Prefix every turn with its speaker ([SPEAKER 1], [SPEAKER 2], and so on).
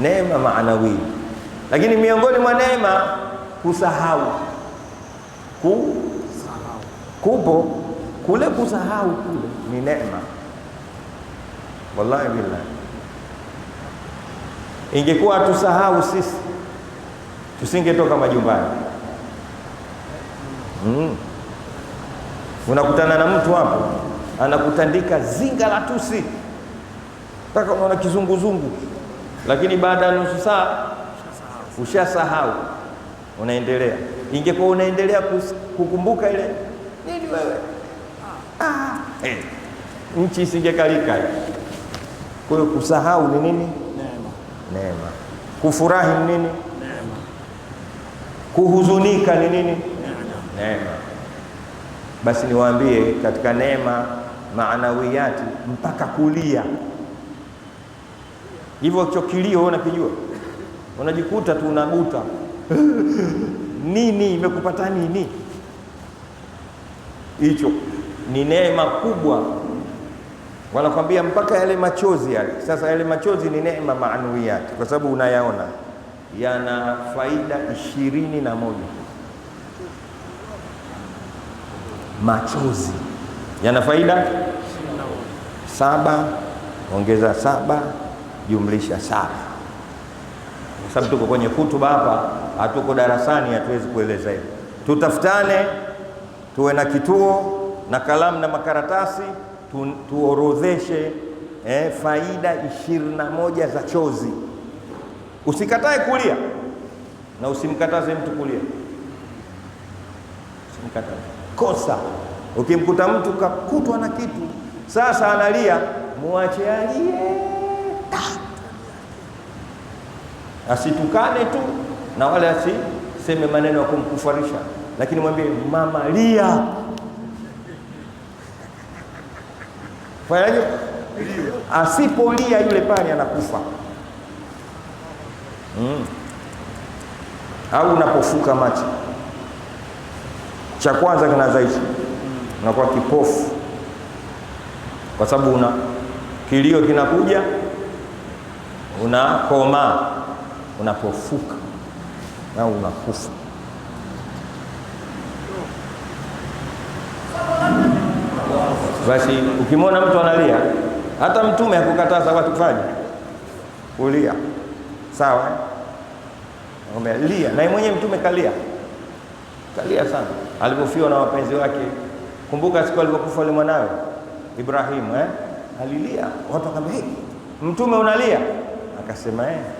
[SPEAKER 1] neema maanawi. Lakini miongoni mwa neema kusahau, ku kupo kule kusahau kule ni neema, wallahi billahi. Ingekuwa tusahau sisi tusingetoka majumbani. Mm. Unakutana na mtu hapo anakutandika zinga la tusi mpaka unaona kizunguzungu lakini baada ya nusu saa ushasahau, unaendelea. Ingekuwa unaendelea kukumbuka ile nini, wewe ah, eh, nchi isingekalika. Kwa hiyo kusahau ni nini? Neema. Neema. Kufurahi ni nini? Neema. Kuhuzunika ni nini? Neema. Basi niwaambie katika neema maanawiyati mpaka kulia hivyo kilio unakijua, unajikuta tu unaguta nini imekupata nini? Hicho ni neema kubwa, wanakwambia mpaka yale machozi yale. Sasa yale machozi ni neema maanuiyati, kwa sababu unayaona yana faida ishirini na moja. Machozi yana faida saba, ongeza saba jumlisha saba, kwa sababu tuko kwenye kutuba hapa, hatuko darasani, hatuwezi kueleza hivyo. Tutafutane, tuwe na kituo na kalamu na makaratasi tu, tuorodheshe eh, faida ishirini na moja za chozi. Usikatae kulia na usimkataze mtu kulia, usimkataze kosa. Ukimkuta mtu kakutwa na kitu sasa analia, muache alie asitukane tu na wala asiseme maneno ya kumkufarisha, lakini mwambie mama lia, fanyaje? Asipolia yule pale anakufa. Mm. Au unapofuka macho, cha kwanza kinazaisha unakuwa kipofu, kwa sababu una kilio kinakuja, unakomaa unapofuka au unakufa. Basi ukimwona mtu analia, hata Mtume akukataza watu kufanya kulia, sawa umelia, na mwenyewe Mtume kalia, kalia sana alipofiwa na wapenzi wake. Kumbuka siku alipokufa yule mwanawe Ibrahimu eh? Alilia, watu wakamwambia, hey, Mtume unalia? Akasema eh